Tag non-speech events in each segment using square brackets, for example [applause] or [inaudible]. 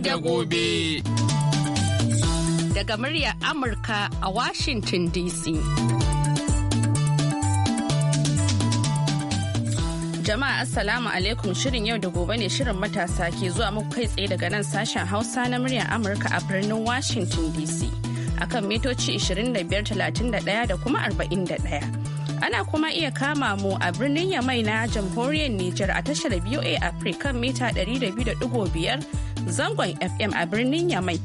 da gobe. Daga muryar Amurka a Washington DC. Jama'a Assalamu alaikum shirin yau da gobe ne shirin matasa ke zuwa muku kai tsaye daga nan sashen Hausa na muryar Amurka a birnin Washington DC. Akan mitoci 2531 da kuma 41. ana kuma iya kama mu a birnin yamai na jamhuriyar Nijar a tashar BOA Africa mita 200.5 zangon FM a birnin Yamai.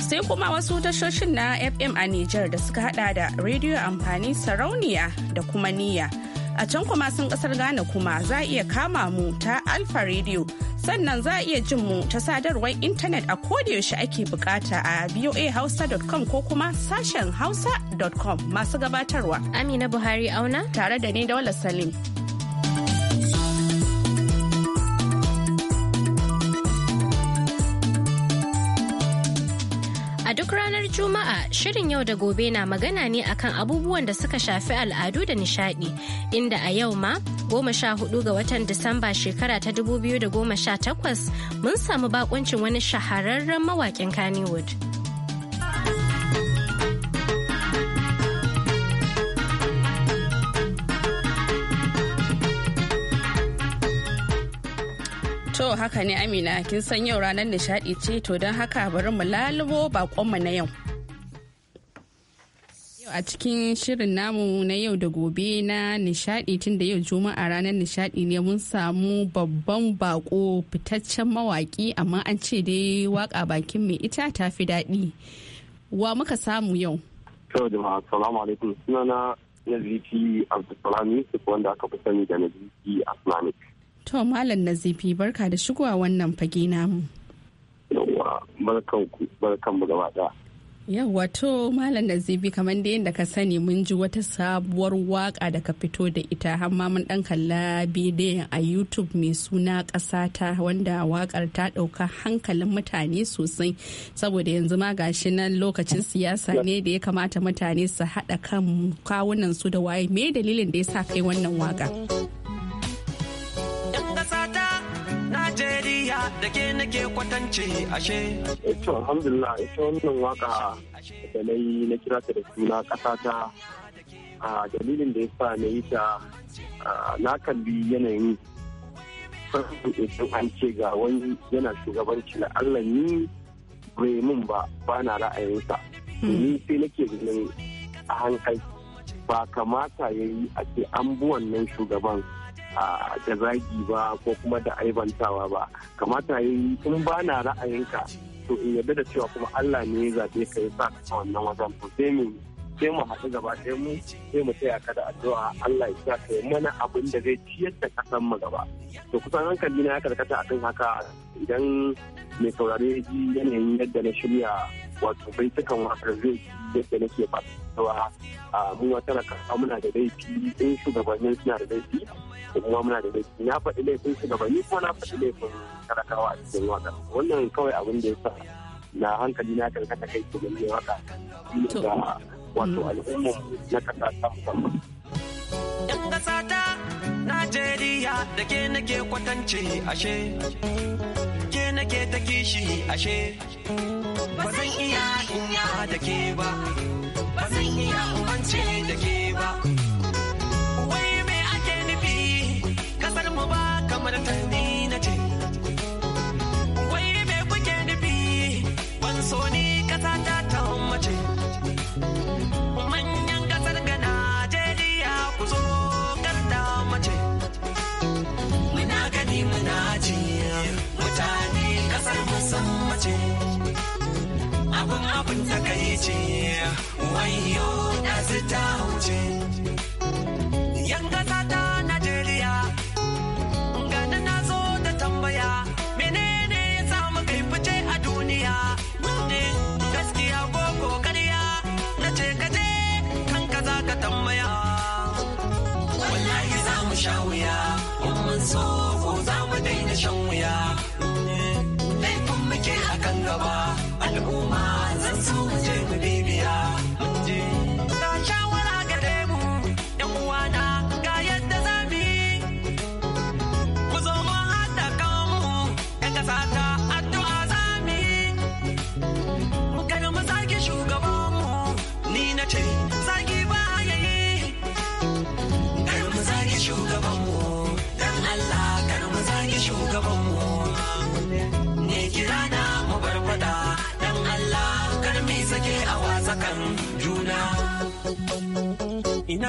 Sai kuma wasu tashoshin na FM a Nijar da suka hada da rediyo amfani sarauniya da kuma niyya. A can kuma sun kasar Ghana kuma za a iya kama mu ta Alfa rediyo sannan za a iya jin mu ta sadarwar intanet a kodayaushe ake bukata a voahausa.com ko kuma sashen hausa.com masu gabatarwa. Amina Buhari auna tare da ni Daula Salim. ranar Juma'a shirin yau da gobe na magana ne akan abubuwan da suka shafi al'adu da nishadi inda a yau ma goma sha hudu ga watan Disamba shekara ta dubu biyu da goma sha takwas mun samu bakuncin wani shahararren mawakin Kannywood. haka ne Amina kin san yau ranar nishadi ce to don haka bari mu lalubo bakonmu na yau. a cikin shirin namu na yau da gobe na nishadi tun da yau juma'a ranar nishadi ne mun samu babban bako fitaccen mawaki amma an ce dai waka bakin mai ita ta fi daɗi wa muka samu yau yau jama'a salamu alaikum sunana na ziki abdulsalami wanda aka fi sani da na ziki islamic To Malam Nazifi barka da shigowa wannan fage namu. Yawwa barkan to Malam Nazifi kamar da yadda ka sani mun ji wata sabuwar waka da ka fito da ita har ma mun ɗan kalla bidiyon a YouTube mai suna ƙasa ta wanda wakar ta ɗauka hankalin mutane sosai saboda yanzu ma gashi nan lokacin siyasa ne da ya kamata mutane su haɗa kan kawunan su da waye me dalilin da ya sa kai wannan waka. na da ke nake kwatance ashe. Ito eh, alhamdulillah ita wannan waka da na yi na kira ta da suna ƙasa ta a dalilin da ya sa na yi ta na kalli yanayin farko idan an ce ga wani yana shugabanci na Allah ni bai mun ba ba na ra'ayinsa. Hmm. Ni sai nake ganin a hankali ba kamata ya yi a ce an bi wannan shugaban da zagi ba ko kuma da aibantawa ba kamata yi in ba na ra'ayinka to in yarda da cewa kuma Allah ne ya zaɓe ka yi sa ka wannan wajen to sai mu sai mu haɗu gaba ɗaya mu sai mu taya ka da addu'a Allah ya sa kai mana abin da zai ciyar da kasan mu gaba to kusan hankali na ya karkata akan haka idan mai saurare ji yanayin yadda na shirya wato bai cikin wakar zai yadda nake ba a ah, mu wata na kasa muna da laifi in shugabannin suna da laifi kuma muna da laifi na faɗi laifin shugabanni ko na faɗi laifin talakawa a cikin waka wannan kawai abin da ya sa na hankali na karkata kai su gani waka da wato al'umma na kasa ta musamman. Yan ƙasa ta Najeriya da ke nake kwatance ashe. take ta kishi ashe ba zan iya inya da ke ba ba zan iya umance da ke ba wai me ake nufi kasar mu ba kamar ta ni na ce wai me kuke nufi ban so ni takaici wayo na ta wuce yan kasa ta najeriya gani na zo da tambaya menene ya samu kai fice a duniya gaskiya ko kokariya na ce kaje ka za ka tambaya wallahi za mu sha wuya mun so ko za mu daina shan wuya laifin muke akan gaba al'umma Yes.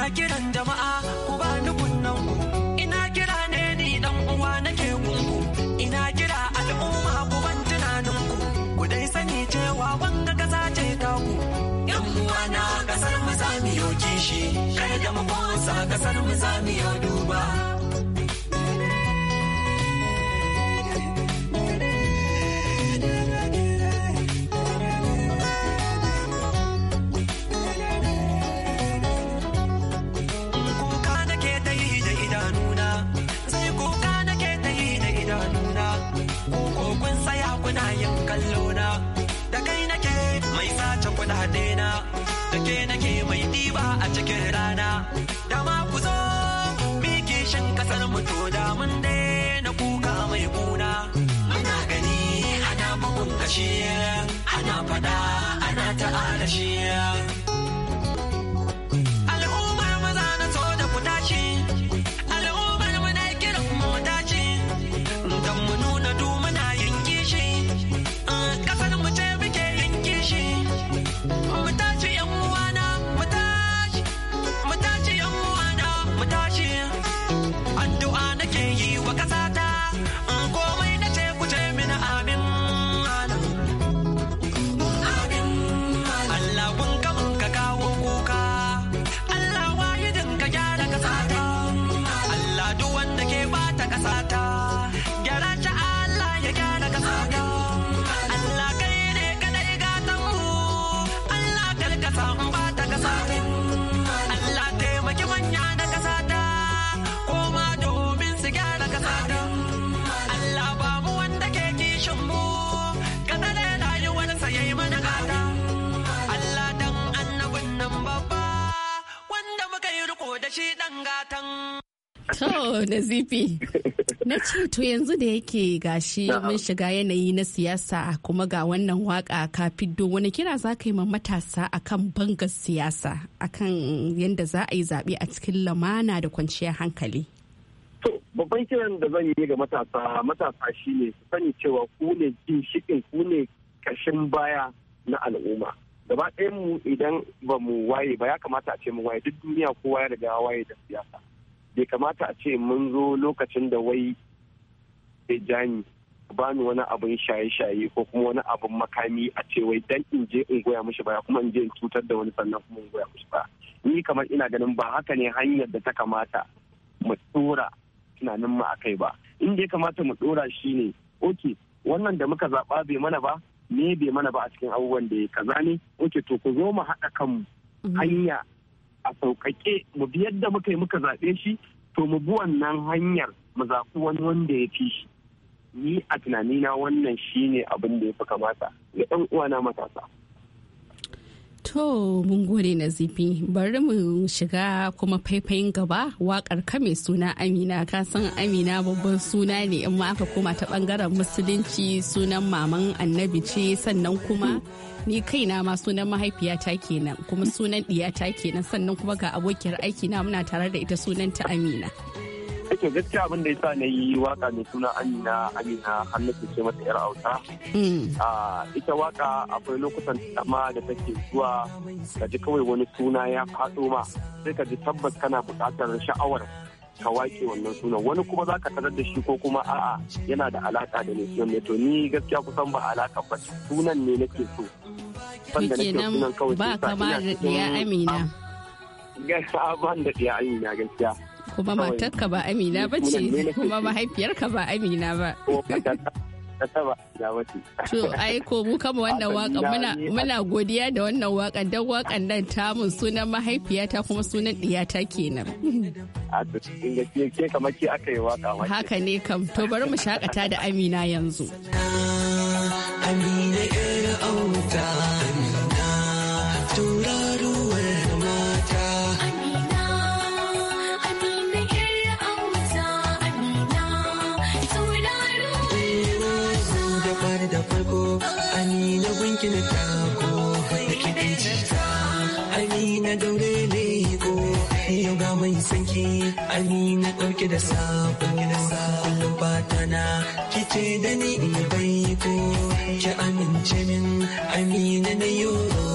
ina kiran jama'a ku ba ni kunnan ku ina kira ne ni dan uwa nake kunku ina kira al'umma ku ban tunanin ku ku dai sani cewa wanga kasa ce ta ku yan uwa na kasar mu za mu kishi da mu kosa kasar mu za mu duba ake ke nake mai ɗiba a cikin rana ma ku zo miki shin kasar mu to da mun na kuka mai kuna muna gani ana bugun kashi ana fada ana ta alashi gatan. To zifi na ce to yanzu da yake gashi mun shiga yanayi na siyasa kuma ga wannan waka ka fiddo wani kira za ka yi ma matasa akan bangar siyasa akan yadda za a yi zaɓe a cikin lamana da kwanciyar hankali. To babban kiran da zan yi ga matasa matasa shine su sani cewa ku ne ginshikin ku ne ƙashin baya na al'umma. gaba ɗayan mu idan ba mu waye ba ya kamata a ce mu waye duk duniya kowa ya riga waye da siyasa bai kamata a ce mun zo lokacin da wai bai jani ba ni wani abin shaye-shaye ko kuma wani abin makami a ce wai dan in je in goya mishi baya kuma in je in cutar da wani sannan kuma in goya mishi ba ni kamar ina ganin ba haka ne hanyar da ta kamata mu dora tunanin mu akai ba inda ya kamata mu dora shine ok wannan da muka zaɓa bai mana ba ne bai mana ba a cikin abubuwan da ya kaza ne oke to ku zo mu haɗa kan mhm. hanya a sauƙaƙe mu bi yadda muka yi muka zaɓe shi to mu bi wannan hanyar mu zaɓi wani wanda ya fi shi ni a tunanina wannan shine abin da ya fi kamata ga ɗan uwa na matasa. To mun gode na zifi bari mu shiga kuma faifayin gaba wakar ka mai suna Amina ka san Amina babban suna ne in ma aka koma ta ɓangaren musulunci sunan maman annabi ce sannan kuma ni kaina ma sunan mahaifiyata kenan kuma sunan diyata kenan sannan kuma ga abokiyar aiki na muna tare da ita sunanta Amina. Eh, to gaskiya abin da yasa na yi waka mai suna amina amina hannatu ce mata yar auta hmm. ita waka akwai lokutan dama da take zuwa ka ji kawai wani suna ya faɗo ma sai ka ji tabbas kana buƙatar sha'awar ka wake wannan sunan wani kuma za ka tarar da shi ko kuma a'a yana da alaka da mai sunan ne to ni gaskiya kusan ba alaka ba sunan ne nake so sanda nake sunan kawai ba kamar [laughs] da ya amina gaskiya ban da ya amina gaskiya kuma matarka ba amina ba ce kuma mahaifiyarka ba amina ba [laughs] To aiko mu kama wannan waka muna godiya da wannan waka don wakan nan ta mun sunan mahaifiyata kuma sunan diyata kenan. Haka ne kam to bari mu shakata da Amina yanzu. Amina ra'ayi na ɗauke da sabo kullum fata na kice da ni in bai ki amince min amina na yau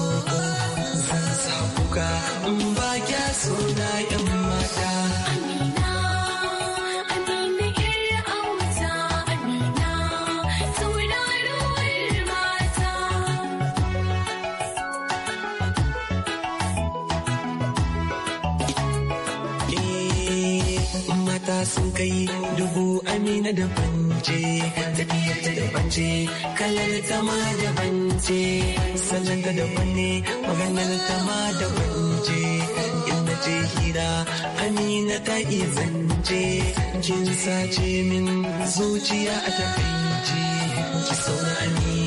kai dubu amina da bance tafiyar ta da bance kalar ta ma da bance sallanta ta da bane maganar ta ma da bance inda ce hira amina ta iya zance kin sace min zuciya a ce, ki saura amina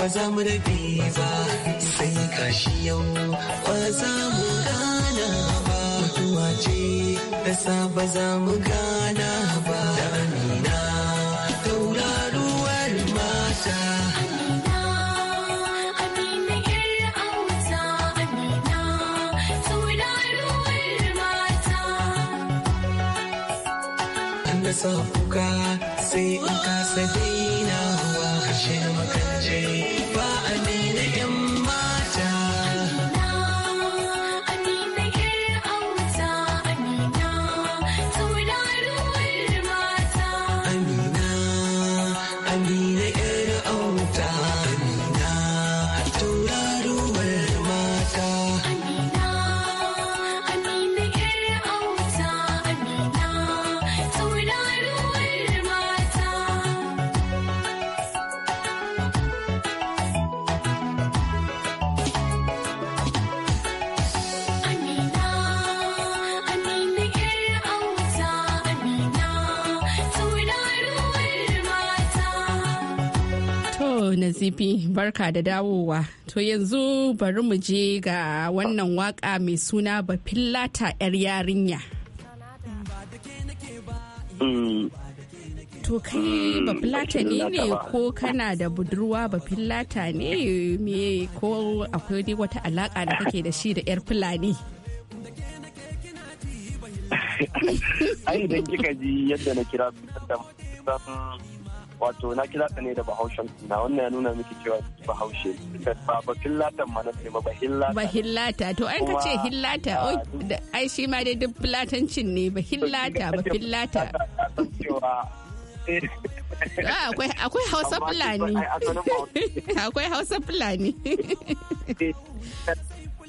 ba za mu rabe ba sai kashi yau ba za mu gana ba mutuwa ce da sa ba za mu gana ba da amina tauraruwar mata Sa kuka sai in kasa dai acp barka da dawowa. To yanzu bari mu je ga wannan waka mai suna Bafillata 'yar yarinya. To kai mm, Bafillata ne ne ko kana da budurwa Bafillata ne me ko akwai dai wata alaka da kake da shi da 'yar Fulani? [laughs] Ai idan kika ji yadda na kira wato na kira ta ne da bahaushen na wannan ya nuna miki cewa bahaushe Ba ba bakin ma na ba ba ba hillata to ai ka ce hillata ai shi ma dai duk filatancin ne [laughs] ah, ba ba fillata [laughs] akwai hausa fulani akwai hausa [laughs] fulani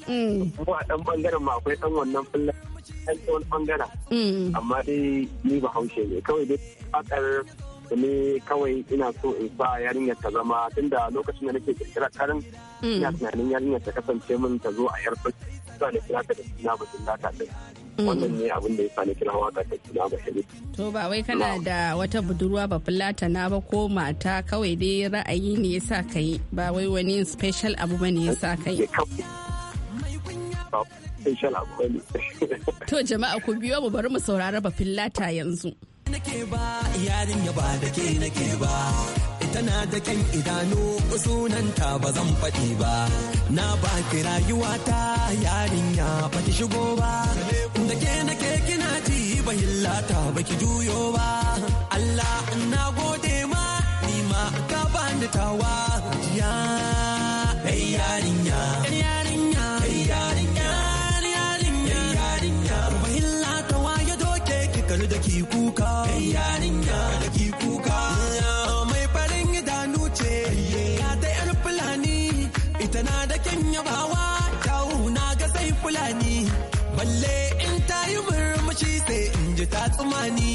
mm. kuma a ɗan ɓangaren ma akwai ɗan wannan fulani ɗan ɓangaren mm. amma dai ni ba haushe ne kawai dai fakar abu ne kawai ina so in ba yarinyar ta zama da lokacin da nake kirkira karin mm. ina tunanin yarinyar ta kasance min ta zo a yar sa da kira ta da suna ba sun lata din mm. wannan ne abin da ya sa ni kira waka ta suna ba shi to ba wai kana da wata budurwa ba fulata na ba ko mata kawai dai ra'ayi ne ya sa ka yi ba wai wani special abu ba ne ya sa ka yi To jama'a ku biyo mu bari mu saurara ba fillata yanzu. nake ba yarinya ba da ke nake ba tana da kyan idanu sunanta ba zan faɗi ba na ba ki rayuwata yarinya ba ki shigo ba da ke nake kina ji ba hillata ba ki juyo ba Allah na gode ma ni ma ka bani tawa ya eh, yarinya tsammani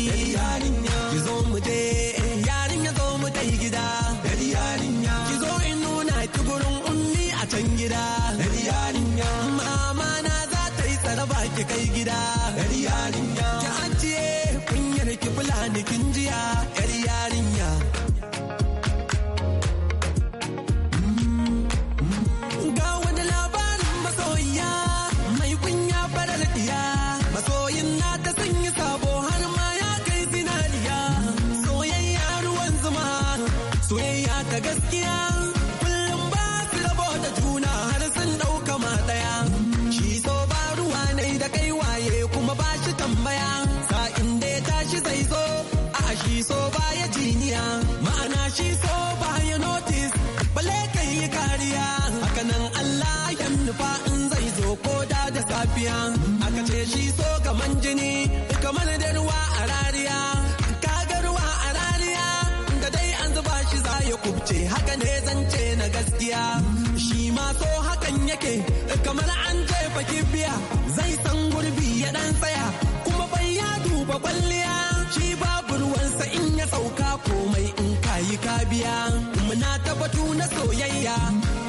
soyayya muna ta batu na soyayya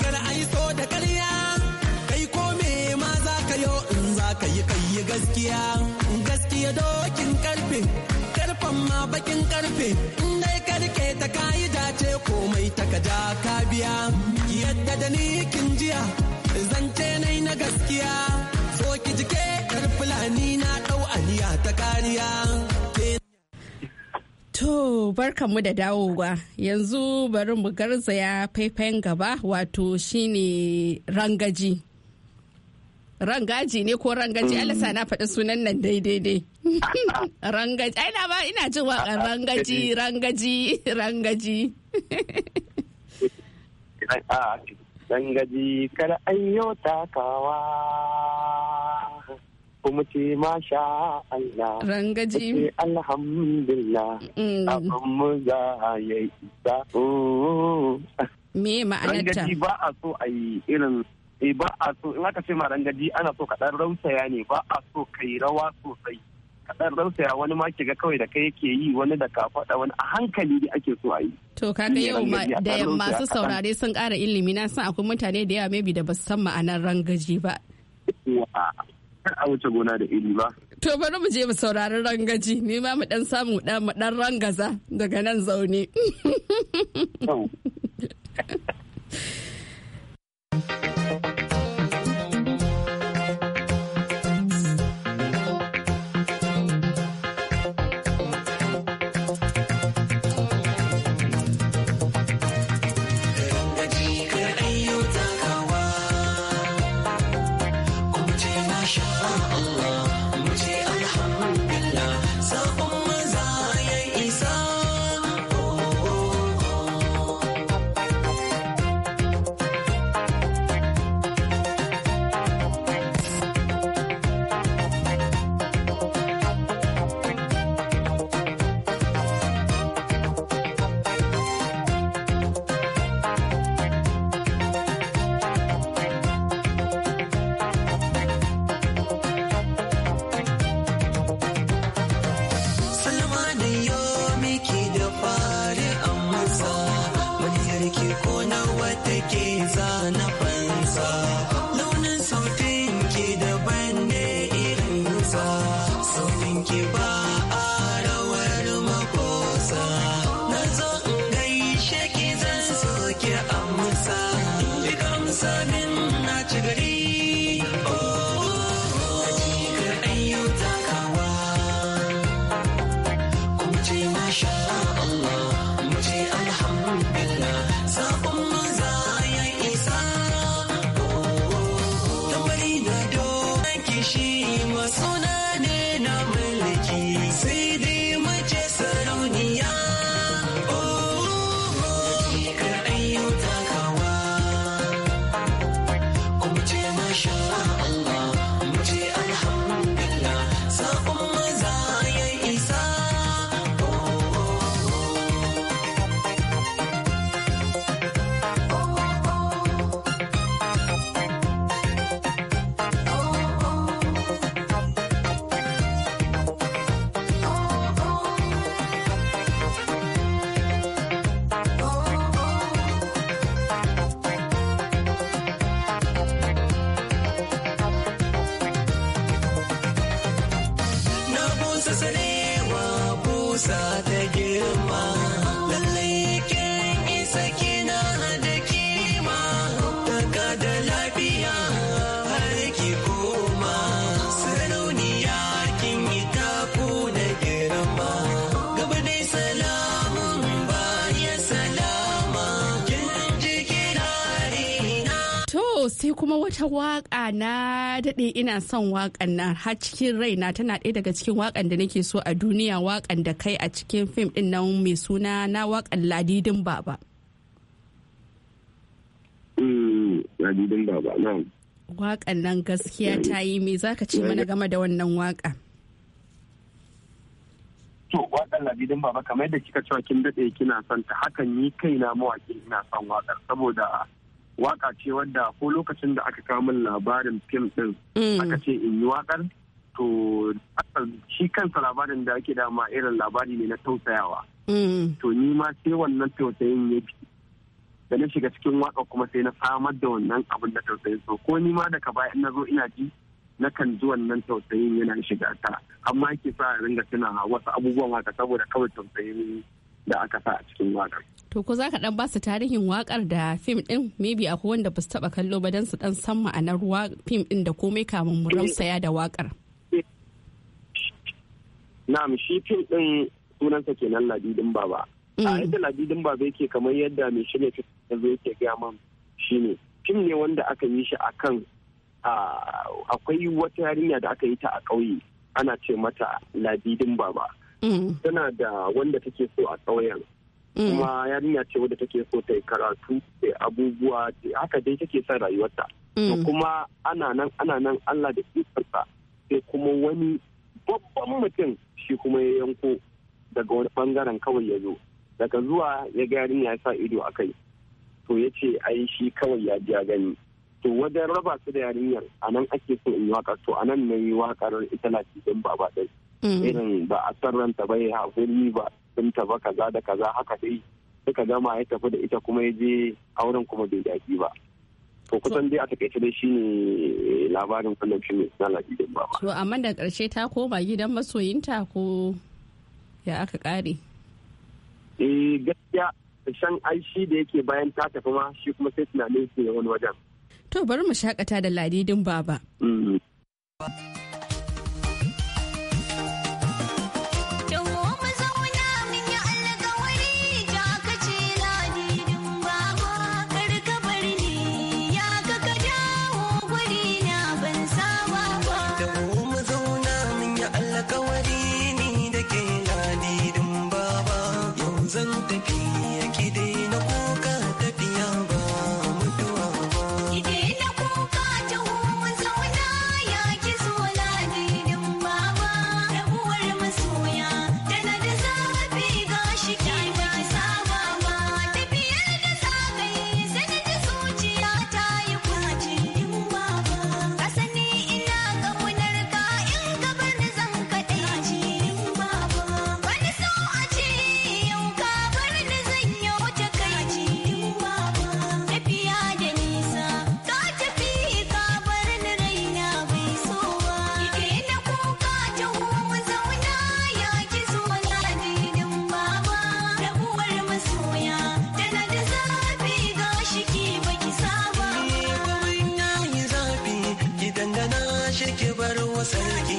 kar ai so da karya. kai ko me ma za ka yo in za ka yi kai gaskiya gaskiya dokin karfe karfen ma bakin karfe in dai karke ta kayi dace komai ta ka ja ka biya yadda da ni kin jiya zance nai na gaskiya so ki jike yar fulani na dau aliya ta kariya To kamu da dawowa yanzu bari mu garzaya faifayin gaba wato shine rangaji. Rangaji ne ko rangaji alasa na faɗi sunan nan daidai dai. [laughs] Rangaji, ai na ba ina jin waƙar rangaji, rangaji, rangaji. [laughs] Ah, rangaji kada ayyo takawa. kuma ce masha Allah. Rangaji. Alhamdulillah. Mm. Abin mu za ya isa. Me ma'anarta? Rangaji ba a so a yi irin eh ba a so in aka ce ma rangaji ana so kaɗan rausaya ne ba a so kai rawa sosai. Kaɗan rausaya wani ma kiga kawai da kai yake yi wani da ka faɗa wani a hankali ne ake so a yi. To kaga yau da masu saurare sun ƙara ilimi na san akwai mutane da yawa maybe da ba su san ma'anar rangaji ba. kar a wuce gona da iri ba. To bari mu je mu saurari rangaji ni ma mu dan samu dan mu dan rangaza daga nan zaune. [laughs] Thank una ci gari kuma wata waka na dade ina son wakan nan har cikin raina tana ɗaya daga cikin wakan da nake so a duniya wakan da kai a cikin fim din nan mai suna na wakan ladidin baba. Mm, ladidin baba, Wakan nan gaskiya ta yi me zaka ce mana game da wannan waka? to wakan ladidin baba kamar yadda kika cewa kin dade kina son ta hakan ni kaina mawaki ina son wakan saboda waka ce wadda ko lokacin da aka kawo min labarin fim din mm. aka ce in yi wakar to shi kansa labarin da ake dama irin labari ne na tausayawa mm. to ni ma sai wannan tausayin ya fi da na shiga cikin waka kuma sai na samar da wannan abin da tausayin so ko ni ma daga baya na zo ina ji na kan ji wannan tausayin yana shiga ta amma ke sa ringa tuna wasu abubuwan haka saboda kawai tausayin da aka sa a cikin waƙar. To ko za ka dan basu tarihin wakar da fim ɗin maybe akwai wanda ba su taba kallo ba don su dan san ma'anar fim ɗin da komai kamun mu rausaya da wakar. Na'am shi fim din sunansa kenan ladidin baba. A mm. yadda ladidin baba yake kamar yadda mai shirya fim da zai yake gaya man ne. fim ne wanda aka yi shi akan akwai wata yarinya da aka yi ta a ƙauye ana ce mata ladidin baba. Mm. tana da wanda take so a ƙauyen mm. kuma yarinya ce wadda take so ta yi karatu da abubuwa haka dai take son rayuwarta mm. kuma ana nan ana nan Allah da ikonsa sai kuma wani babban mutum shi kuma ya yanko daga wani bangaren kawai ya zo daga zuwa ya ga yarinya ya sa ido a kai to ya ce ai shi kawai ya ji gani to wajen raba su da yarinyar a nan ake so in yi waka to a nan na yi waƙar ita na cikin baba ɗai Mm. irin ba a san ranta ba ya haƙuri ba ta ba kaza da kaza haka dai suka gama ya tafi da ita kuma ya je auren kuma bai daji ba to kusan dai a takaice dai shine labarin kullum ne na lafiyar ba to amma da ƙarshe ta koma gidan masoyinta ko ya aka ƙare eh gaskiya shan aishi da yake bayan ta tafi ma shi kuma sai tunanin su wani wajen to bari mu shakata da ladidin baba mm-hmm. sarki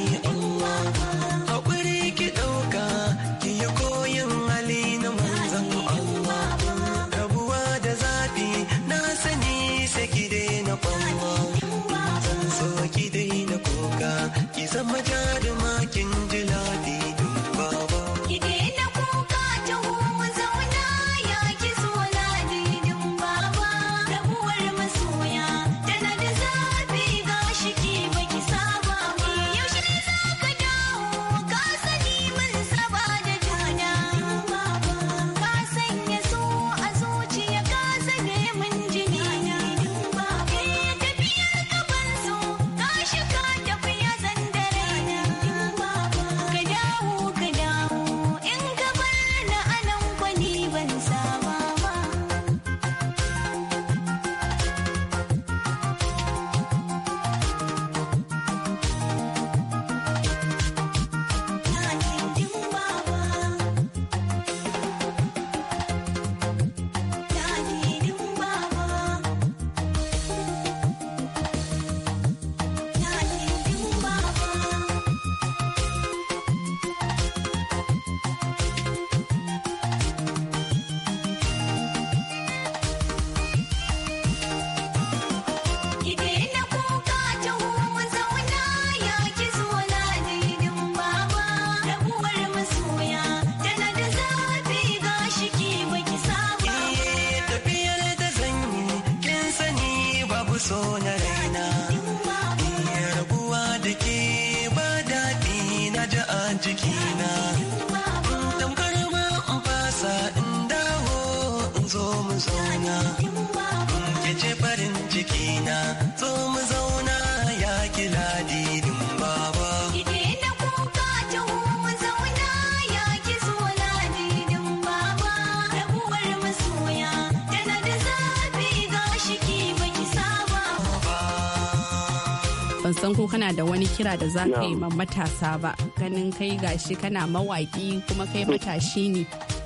kana da wani kira da za ka yi ma matasa ba ganin kai gashi kana mawaki kuma kai matashi ne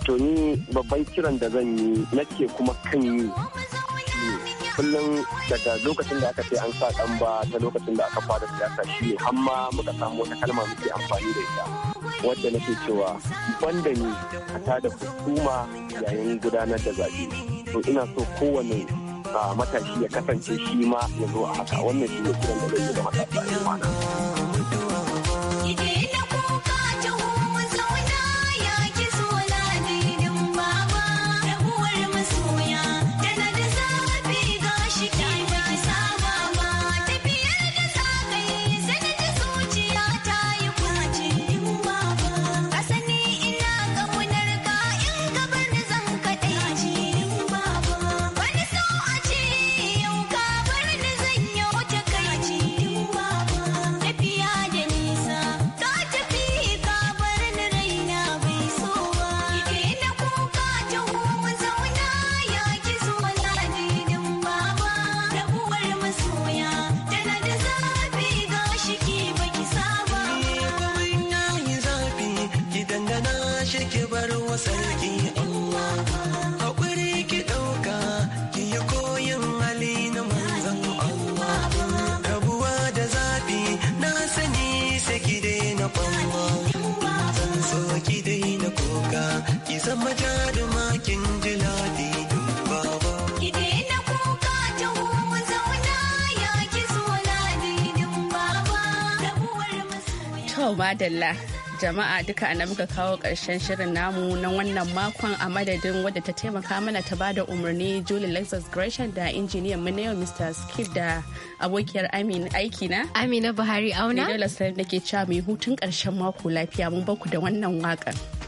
to ni babban kiran da zan yi nake kuma kan yi kullum daga lokacin da aka ce an sa dan ba ta lokacin da aka fara siyasa shi ne hamma muka samu wata kalma muke amfani da ita wadda nake cewa banda ni a tada hukuma yayin gudanar da zaɓe to ina so kowane matashi ya kasance shi ma ya zo a haka wannan shi ne kiran da zai yi da matasa dalla jama'a duka ana muka kawo karshen shirin namu na wannan makon a madadin wadda ta taimaka mana ta ba da umarni Julie Lexus Gresham da injiniyan mu na yau Mr. Skip da abokiyar amin aiki na. Amina Buhari auna. Ni dole sai nake cewa mai hutun karshen mako lafiya mun baku da wannan wakan.